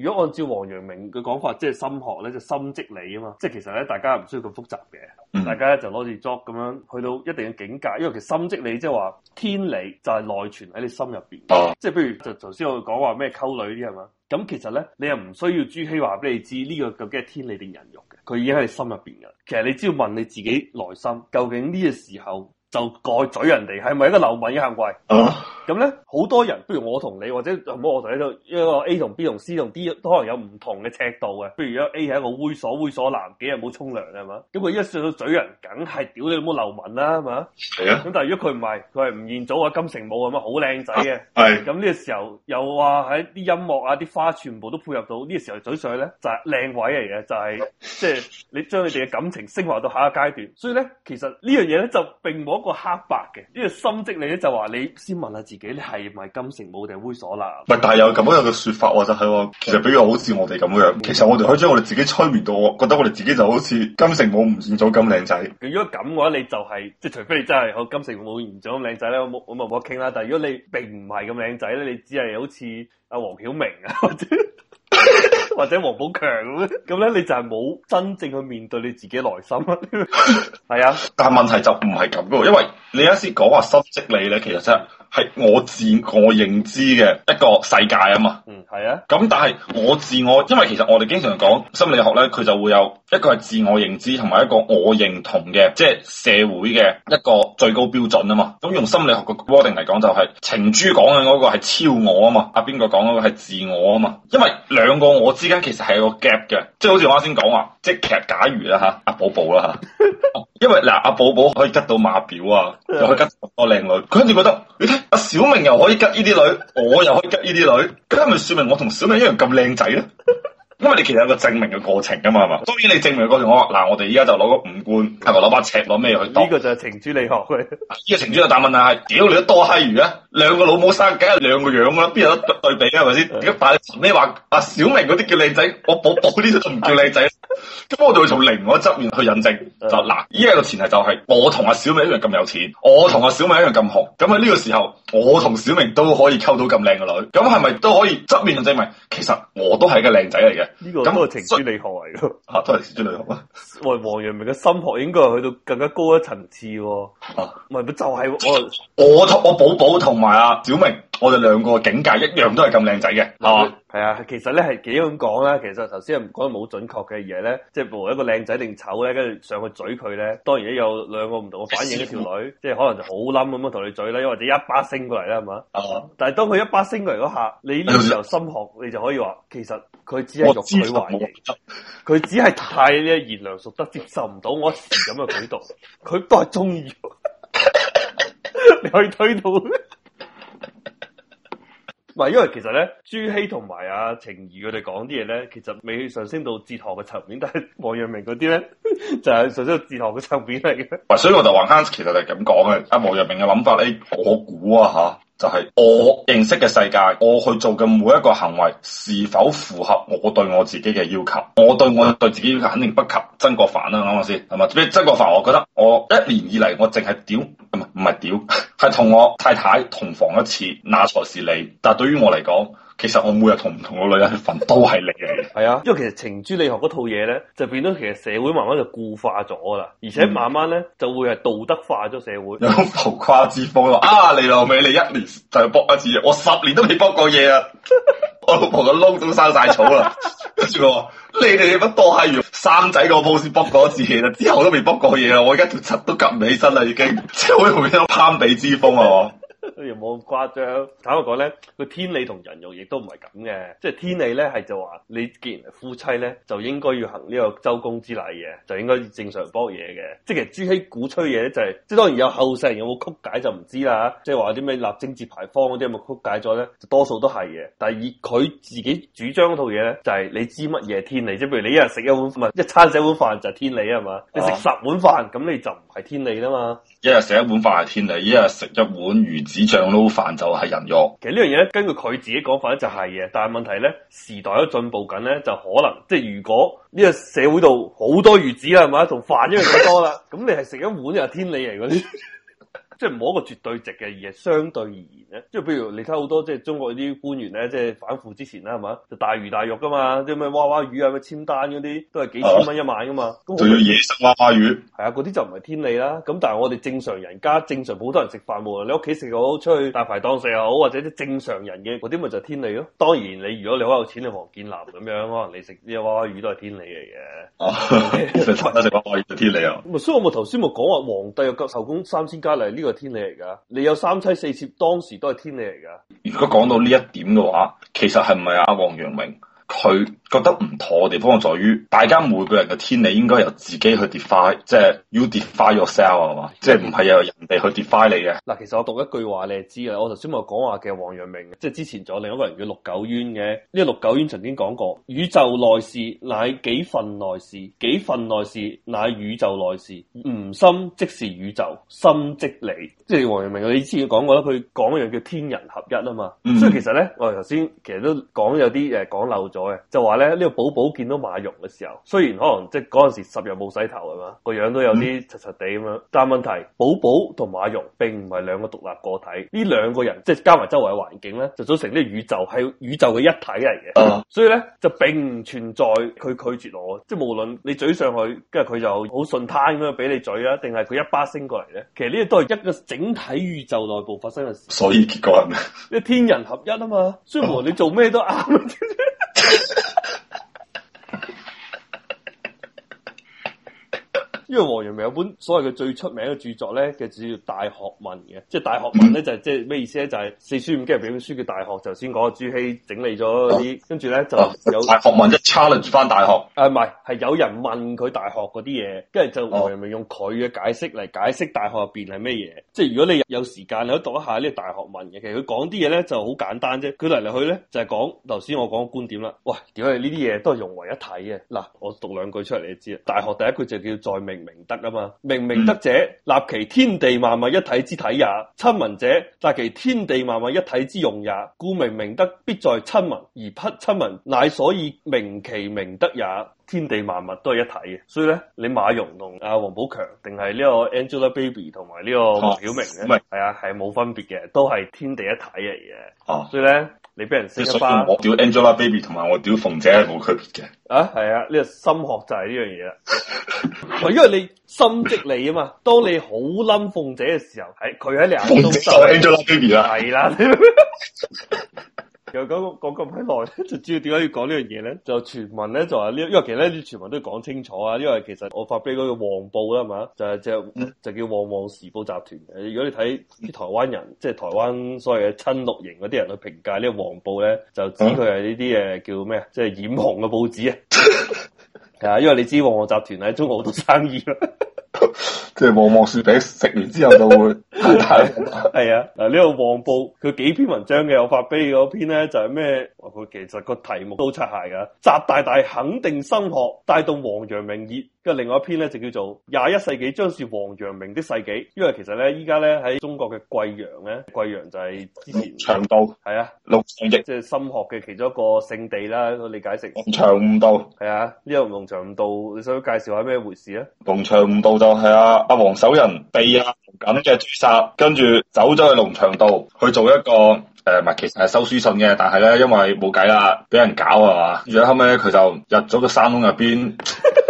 如果按照王陽明嘅講法，即係心學咧，就是、心即理啊嘛，即係其實咧，大家唔需要咁複雜嘅，大家咧就攞住 job 咁樣去到一定嘅境界，因為其實心即理，即係話天理就係內存喺你心入邊，啊、即係譬如就頭先我講話咩溝女啲係嘛，咁其實咧你又唔需要朱熹話俾你知呢、這個究竟係天理定人欲嘅，佢已經喺你心入邊噶，其實你只要問你自己內心究竟呢個時候就蓋嘴人哋係咪一個流民行怪？啊啊咁咧，好多人，不如我同你，或者唔好我同你，一個 A 同 B 同 C 同 D，都可能有唔同嘅尺度嘅。譬如如果 A 係一個猥瑣、猥瑣男幾日冇沖涼嘅，係嘛？咁佢一上到嘴，嘴人，梗係屌你老母流民啦，係嘛？係啊的。咁但係如果佢唔係，佢係吳彥祖啊、金城武咁啊，好靚仔嘅。係的。咁呢、嗯、個時候又話喺啲音樂啊、啲花全部都配合到，呢、這個時候嘴上咧就係靚位嚟嘅，就係即係你將你哋嘅感情升華到下一個階段。所以咧，其實呢樣嘢咧就並冇一個黑白嘅，呢、這個心跡你咧就話你先問下自己。自己係咪金城武定猥瑣啦？唔係，但係有咁樣嘅說法話就係、是、話，其實比如好似我哋咁樣，其實我哋可以將我哋自己催眠到我，我覺得我哋自己就好似金城武唔見咗咁靚仔。如果咁嘅話，你就係、是、即係，除非你真係好金城武唔見咗咁靚仔咧，我我咪同傾啦。但係如果你並唔係咁靚仔咧，你只係好似阿黃曉明啊，或者王寶 強咁咧，你就係冇真正去面對你自己內心咯。係 啊，但係問題就唔係咁噶，因為你啱先講話心即理咧，其實真。係我自我認知嘅一個世界啊嘛，嗯，係啊，咁但係我自我，因為其實我哋經常講心理學咧，佢就會有一個係自我認知，同埋一個我認同嘅，即係社會嘅一個最高標準啊嘛。咁、嗯、用心理學嘅 wording 嚟講就係、是、情珠講嘅嗰個係超我啊嘛，阿邊個講嗰個係自我啊嘛，因為兩個我之間其實係有個 gap 嘅，即係好似我啱先講話，即係其實假如啦吓，阿、啊、寶寶啦吓、啊，因為嗱阿、啊、寶寶可以吉到馬表啊，又 可以吉到好多靚女，佢跟住覺得。阿小明又可以吉呢啲女，我又可以吉呢啲女，咁係咪說明我同小明一樣咁靚仔咧？因為你其實有個證明嘅過程噶嘛，係嘛？當然你證明嘅過程我話，嗱，我哋依家就攞個五官，係咪攞把尺，攞咩去？呢個就係程朱理學佢，呢個程朱就答問啊：得「屌你多閪魚啊！兩個老母生梗係兩個樣啊，邊有得？ 對比啊，係咪先？而家但係你話阿小明嗰啲叫靚仔，我寶寶呢啲就唔叫靚仔，咁 我就會從另一個側面去印證。Yeah. 就嗱，依、這個前提就係我同阿小明一樣咁有錢，我同阿小明一樣咁紅。咁喺呢個時候，我同小明都可以溝到咁靚嘅女，咁係咪都可以側面證明？其實我都係個靚仔嚟嘅。呢這個那都係情緒理學嚟㗎，吓、啊、都係情緒理學。王 陽明嘅心學應該係去到更加高一層次。啊，唔係，咪就係、是、我 我同我寶寶同埋阿小明。我哋兩個境界一樣都係咁靚仔嘅，係嘛？係啊，其實咧係幾咁講啦。其實頭先又唔講得好準確嘅，嘢係咧，即係和一個靚仔定醜咧，跟住上去嘴佢咧，當然有兩個唔同嘅反應。一條女，即係可能就好冧咁樣同你嘴啦，或者一巴升過嚟啦，係嘛？但係當佢一巴升過嚟嗰下，你呢時候心學，你就可以話，其實佢只係欲拒還迎。佢只係太呢，賢良淑德，接受唔到我一時咁嘅舉動，佢都係中意。你可以推到。因為其實咧，朱熹同埋啊程頤佢哋講啲嘢咧，其實未上升到哲學嘅層面，但係王陽明嗰啲咧就係、是、上升到哲學嘅層面嚟嘅。所以我就話啱，其實係咁講嘅。阿王陽明嘅諗法，哎，我估啊嚇，就係、是、我認識嘅世界，我去做嘅每一個行為是否符合我對我自己嘅要求？我對我對自己要求肯定不及曾國藩啦，啱唔啱先？係嘛？曾國藩，我覺得我一年以嚟我淨係屌。唔係屌，係同我太太同房一次，那才是你。但對於我嚟講，其實我每日同唔同個女人去瞓都係你嚟。係啊，因為其實程朱理學嗰套嘢咧，就變咗其實社會慢慢就固化咗啦，而且慢慢咧就會係道德化咗社會。 有種浮誇之風咯，啊，你老味你一年就卜一次，我十年都未卜過嘢啊！ 我老婆個窿都生晒草啦，跟住 我話你哋乜多閪完生仔個鋪先卜過一次其實，之後都未卜過嘢啦，我而家條柒都及唔起身啦已經，即係好容易有攀比之風啊！ 又冇咁誇張，坦白講咧，佢天理同人欲亦都唔係咁嘅，即係天理咧係就話你既然係夫妻咧，就應該要行呢個周公之禮嘅，就應該正常煲嘢嘅。即係其實朱熹鼓吹嘢就係、是，即係當然有後世人有冇曲解就唔知啦。即係話啲咩立貞節牌坊嗰啲有冇曲解咗咧，多數都係嘅。但係以佢自己主張套嘢咧，就係、是、你知乜嘢天理？即係譬如你一日食一碗唔係一餐食一碗飯就係天理係、啊、嘛？你食十碗飯咁你就唔係天理啦嘛。一日食一碗飯係天理，一日食一碗魚。屎醬撈飯就係人肉。其實呢樣嘢咧，根據佢自己講法咧就係、是、嘅，但係問題咧，時代都進步緊咧，就可能即係如果呢個社會度好多魚子啦，係咪？同飯一樣咁多啦，咁 你係食一碗又係天理嚟啲。 即係冇一個絕對值嘅，而係相對而言咧。即係譬如你睇好多即係中國啲官員咧，即係反腐之前啦，係嘛，就大魚大肉㗎嘛。啲咩娃娃魚係啊，咩簽單嗰啲，都係幾千蚊一晚㗎嘛。仲要野生娃娃魚係啊，嗰啲就唔係天理啦。咁但係我哋正常人家、正常好多人食飯喎，喺屋企食好，出去大排檔食又好，或者啲正常人嘅嗰啲咪就天理咯。當然你如果你好有錢，你黃建男咁樣，可能你食呢啲娃娃魚都係天理嚟嘅。哦、啊，成日都食娃娃魚就天理啊。唔 所，所，所以我頭先咪講話皇帝又個壽宮三千佳麗呢個。係天理嚟噶，你有三妻四妾，當時都係天理嚟噶。如果講到呢一點嘅話，其實係唔係啊？王陽明？佢覺得唔妥嘅地方在於，大家每個人嘅天理應該由自己去 define，即係 you define yourself 啊嘛， 即係唔係有人哋去 define 你嘅。嗱，其實我讀一句話你就知啦。我頭先咪講話嘅王陽明，即係之前仲有另一個人叫陸九淵嘅。呢、這個陸九淵曾經講過：宇宙內事乃幾分內事，幾分內事乃宇宙內事。吾心即是宇宙，心即理。即係王陽明，你之前講過啦，佢講一樣叫天人合一啊嘛。嗯、所以其實咧，我頭先其實都講有啲誒講漏咗就話咧呢、這個寶寶見到馬蓉嘅時候，雖然可能即係嗰陣時十日冇洗頭啊嘛，個樣都有啲柒柒地咁樣。嗯、但係問題寶寶同馬蓉並唔係兩個獨立個體，呢兩個人即係加埋周圍環境咧，就組成呢個宇宙係宇宙嘅一體嚟嘅。啊、所以咧就並唔存在佢拒絕我，即係無論你嘴上去，跟住佢就好順攤咁樣俾你嘴啊，定係佢一巴星過嚟咧？其實呢個都係一個整體宇宙內部發生嘅事。所以結果係咩？天人合一啊嘛，所以無論你做咩都啱。啊。 因為王陽明有本所謂嘅最出名嘅著作咧，嘅、就是、叫《大學問》嘅，即係《大學問》咧就係、是、即係咩意思咧？就係、是、四書五經入邊本書叫《大學》，頭先講朱熹整理咗嗰啲，跟住咧就有《大學問》一 challenge 翻大學。誒唔係，係、啊啊、有人問佢大學嗰啲嘢，跟住就王陽明用佢嘅解釋嚟解釋大學入邊係咩嘢。即係如果你有時間，你都讀一下呢《大學問》嘅，其實佢講啲嘢咧就好簡單啫。佢嚟嚟去咧就係講頭先我講嘅觀點啦。喂，點解呢啲嘢都係融為一體嘅？嗱，我讀兩句出嚟你知啦。大學第一句就叫在明明德啊嘛，明明德者，立其天地萬物一體之體也；親民者，達其天地萬物一體之用也。故明明德必在親民，而匹親民乃所以明其明德也。天地萬物都係一體嘅，所以咧，你馬蓉同阿王寶強定係呢個 Angelababy 同埋呢個黃曉明，係啊，係冇、啊、分別嘅，都係天地一體嚟嘅。哦、啊，所以咧。你俾人死一巴，我屌 Angelababy 同埋我屌鳳姐係冇區別嘅。啊，係啊，呢個、啊、心學就係呢樣嘢啦。唔 因為你心即你啊嘛。當你好冧鳳姐嘅時候，係佢喺你眼中姐 就係 Angelababy 啦。係啦。又講講咁鬼耐，就知點解要講呢樣嘢咧？就傳聞咧，就話呢，因為其實啲傳聞都要講清楚啊。因為其實我發俾嗰個黃報啦嘛，就係即係就叫旺旺時報集團。如果你睇啲台灣人，即係台灣所謂嘅親綠營嗰啲人去評價呢個黃報咧，就指佢係呢啲誒叫咩，即係染紅嘅報紙啊。係啊，因為你知旺旺集團喺中國好多生意啦。即係旺旺雪餅食完之後就會太大。係啊，嗱呢個旺報佢幾篇文章嘅有發畀你嗰篇咧就係咩？佢其實個題目都擦鞋噶，習大大肯定心學帶動王陽明熱。另外一篇咧就叫做《廿一世紀將是王陽明的世紀》，因為其實咧，依家咧喺中國嘅貴陽咧，貴陽就係之前嘅龍場，係啊，龍場驛，即係心學嘅其中一個聖地啦。我理解成龍場悟道，係啊，呢個龍場悟道，你想介紹下咩回事咧？龍場悟道就係啊，阿王守仁被啊，胡錦嘅誅殺，跟住走咗去龍場驛去做一個誒，唔、呃、係，其實係收書信嘅，但係咧，因為冇計啦，俾人搞啊嘛，然後後尾佢就入咗個山窿入邊。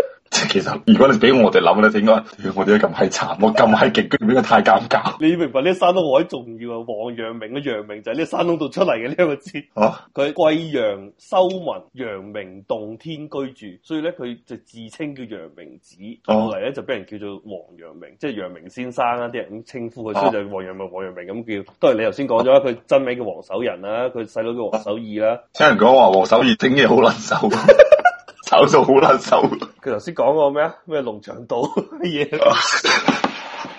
其實如果你俾我哋諗咧，點解我哋都咁係慘，我咁係極，居然太尷尬。 你要明白呢山窿好鬼重要陽陽啊！王陽明嘅陽明就係呢山窿度出嚟嘅呢個字。哦。佢喺貴陽修文陽明洞天居住，所以咧佢、啊、就自稱叫陽明子，後嚟咧就俾人叫做王陽明，即係陽明先生啊。啲人咁稱呼佢，所以就王陽明、王陽明咁叫。都係你頭先講咗，佢、啊、真名叫王守仁啊。佢細佬叫王守義啦、啊。聽人講話王守義整嘢好難受。 炒到好難受。佢頭先講個咩啊？咩龍場島乜嘢？ Yeah .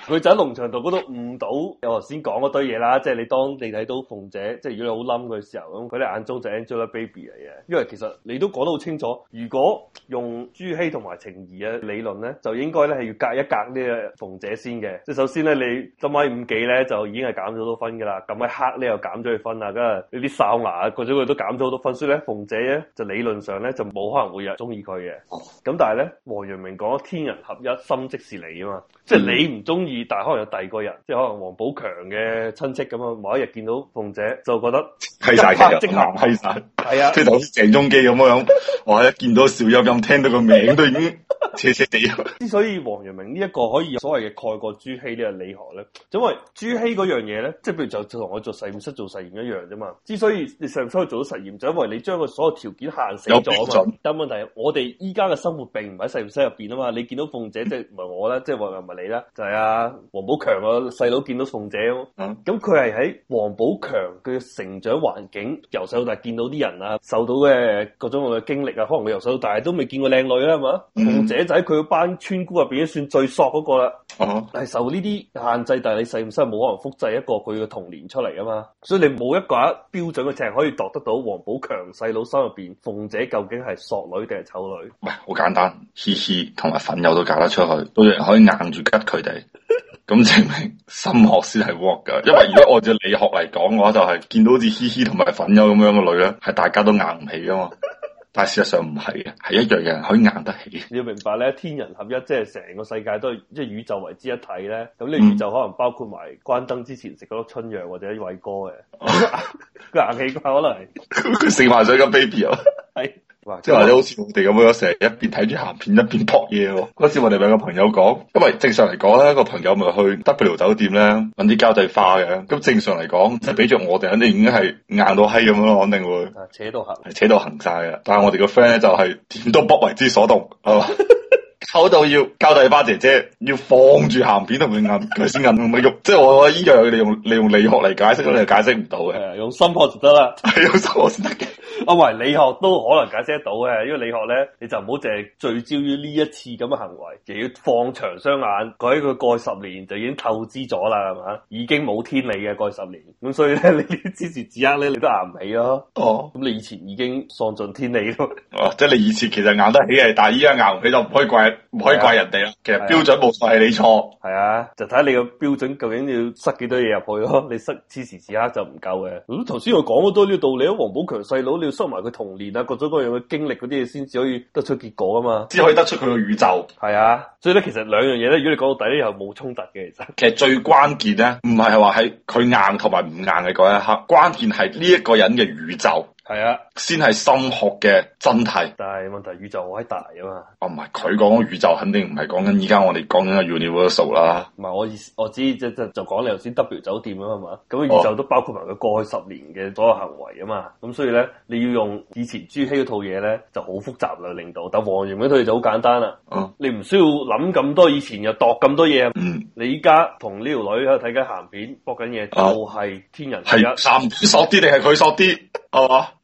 佢就喺農場度嗰度誤到，我頭先講嗰堆嘢啦，即係你當你睇到鳳姐，即係如果你好冧佢嘅時候，咁佢哋眼中就 Angelababy 嚟嘅，因為其實你都講得好清楚，如果用朱熹同埋程頤嘅理論咧，就應該咧係要隔一隔呢個鳳姐先嘅。即係首先咧，你今米五幾咧就已經係減咗好多分嘅啦，咁喺黑你又減咗佢分啦，跟你啲哨牙嗰咗佢都減咗好多分，所以咧鳳姐咧就理論上咧就冇可能會有人中意佢嘅。咁但係咧，王陽明講天人合一，心即是理啊嘛，即係你唔中意。但可能有第二個人，即係可能王寶強嘅親戚咁啊！某一日見到鳳姐，就覺得晒係曬嘅人，即係好似鄭中基咁樣。哇！一見到少陰，一聽到個名都已經斜斜地。之所以王陽明呢一個可以所謂嘅蓋過朱熹呢個理學咧，因為朱熹嗰樣嘢咧，即係譬如就同我做實驗室做實驗一樣啫嘛。之所以你上驗去做到實驗，就因為你將個所有條件限死咗嘛。但問題係我哋依家嘅生活並唔喺實驗室入邊啊嘛。你見到鳳姐即係唔係我啦，即係又唔係你啦，就係啊。王寶強啊，細佬見到鳳姐，咁佢係喺王寶強佢嘅成長環境，由細到大見到啲人啊，受到嘅各種嘅經歷啊，可能佢由細到大都未見過靚女啦、啊，係嘛、嗯？鳳姐仔佢班村姑入邊算最索嗰個啦，係、啊、哈受呢啲限制，但係你係唔係冇可能複製一個佢嘅童年出嚟啊嘛，所以你冇一個、啊、標準嘅尺可以度得到王寶強細佬心入邊鳳姐究竟係索女定係醜女？唔係好簡單，嘻嘻，同埋粉友都嫁得出去，都可以硬住吉佢哋。 咁證明心學先係 work 噶因為如果按照理學嚟講嘅話，就係見到好似嘻嘻同埋粉丘咁樣嘅女咧，係大家都硬唔起噶嘛。但係事實上唔係嘅，係一樣嘅可以硬得起。你要明白咧，天人合一即係成個世界都係即係宇宙為之一體咧。咁呢個宇宙可能包括埋關燈之前食嗰粒春藥或者偉哥嘅，佢 硬怪可能佢食埋咗個 baby 啊。 即係或者好似我哋咁樣，成日一邊睇住咸片一邊扑嘢咯。嗰時我哋兩個朋友講，因為正常嚟講咧，一個朋友咪去 W 酒店咧，揾啲交際花嘅。咁正常嚟講，即係比著我哋肯定已經係硬到閪咁咯，肯定會扯到行，扯到行晒嘅。但係我哋個 friend 咧就係點都不為之所動，係嘛？搞到要交際花姐姐要放住咸片同佢硬，佢先硬唔咪肉。即係我依樣利用利用理學嚟解釋你就解釋唔到嘅。用心學就得啦，係 用心學先得嘅。啊，唔係、哦、理學都可能解釋得到嘅，因為理學咧，你就唔好淨係聚焦於呢一次咁嘅行為，就要放長雙眼，睇佢過十年就已經透支咗啦，係嘛，已經冇天理嘅過十年，咁所以咧，你此時此刻咧，你都捱唔起咯。哦，咁、哦哦嗯、你以前已經喪盡天理咯。哦，即係你以前其實捱得起嘅，但係依家捱唔起就唔可以怪唔可以怪人哋啦。啊、其實標準冇錯係你錯，係啊，啊，就睇下你個標準究竟要塞幾多嘢入去咯。你塞此時此刻就唔夠嘅。咁頭先我講咗多啲道理，王寶強細佬你。收埋佢童年啊，各種各樣嘅經歷嗰啲嘢，先至可以得出結果噶嘛？只可以得出佢嘅宇宙，係啊。所以咧，其實兩樣嘢咧，如果你講到底咧，又冇衝突嘅。其實 其實最關鍵咧，唔係係話喺佢硬同埋唔硬嘅嗰一刻，關鍵係呢一個人嘅宇宙。係啊，先係心學嘅真諦。但係問題宇宙好閪大啊嘛。哦，唔係佢講宇宙肯定唔係講緊依家我哋講緊嘅 universal 啦。唔係、啊、我意思，我知即即就講你頭先 W 酒店咁啊嘛。咁宇宙都包括埋佢過去十年嘅所有行為啊嘛。咁所以咧，你要用以前朱熹嗰套嘢咧就好複雜啦，令到。但王陽明套嘢就好簡單啦。啊、你唔需要諗咁多以前又度咁多嘢。嗯、你依家同呢條女喺度睇緊鹹片，搏緊嘢，啊、就係天人合一啊，鹹片索啲定係佢索啲，係嘛？